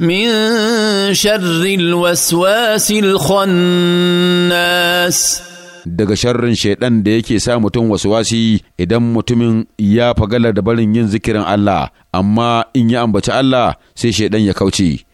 من شر الوسواس الخناس daga sharrin shaidan da yake sa mutum waswasi idan mutumin ya fagala da barin yin zikirin Allah amma in ya ambaci Allah sai shaidan ya kauce